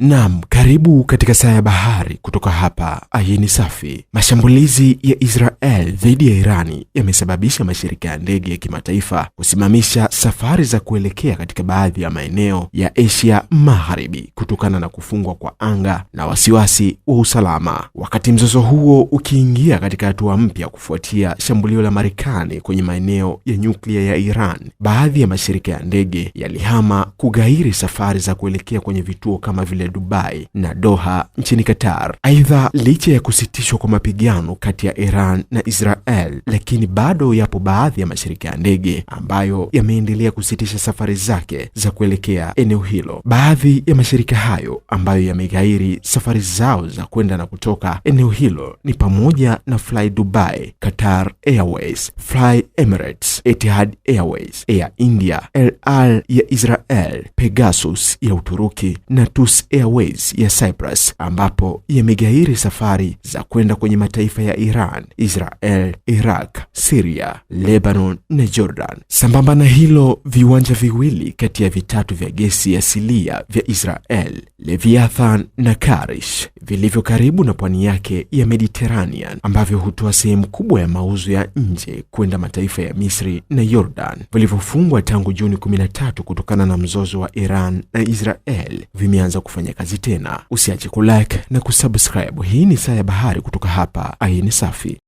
Naam. Karibu katika Saa ya Bahari kutoka hapa Ayin Safi. Mashambulizi ya Israel dhidi ya Irani yamesababisha mashirika ya ndege ya kimataifa kusimamisha safari za kuelekea katika baadhi ya maeneo ya Asia Magharibi kutokana na kufungwa kwa anga na wasiwasi wa usalama, wakati mzozo huo ukiingia katika hatua mpya kufuatia shambulio la Marekani kwenye maeneo ya nyuklia ya Iran. Baadhi ya mashirika ya ndege yalihama kughairi safari za kuelekea kwenye vituo kama vile Dubai na Doha nchini Qatar. Aidha, licha ya kusitishwa kwa mapigano kati ya Iran na Israel, lakini bado yapo baadhi ya mashirika ya ndege ambayo yameendelea kusitisha safari zake za kuelekea eneo hilo. Baadhi ya mashirika hayo ambayo yameghairi safari zao za kwenda na kutoka eneo hilo ni pamoja na Fly Dubai, Qatar Airways, Fly Emirates, Etihad Airways, Air India, El Al ya Israel, Pegasus ya Uturuki na Tus Airways ya ya Cyprus ambapo yamegairi safari za kwenda kwenye mataifa ya Iran, Israel, Iraq, Syria, Lebanon na Jordan. Sambamba na hilo, viwanja viwili kati ya vitatu vya gesi asilia vya Israel, Leviathan na Karish vilivyo karibu na pwani yake ya Mediterranean ambavyo hutoa sehemu kubwa ya mauzo ya nje kwenda mataifa ya Misri na Jordan, vilivyofungwa tangu Juni 13 kutokana na mzozo wa Iran na Israel, vimeanza kufanya kazi tena. Usiache kulike na kusubscribe. Hii ni Saa ya Bahari kutoka hapa Ayin Safi.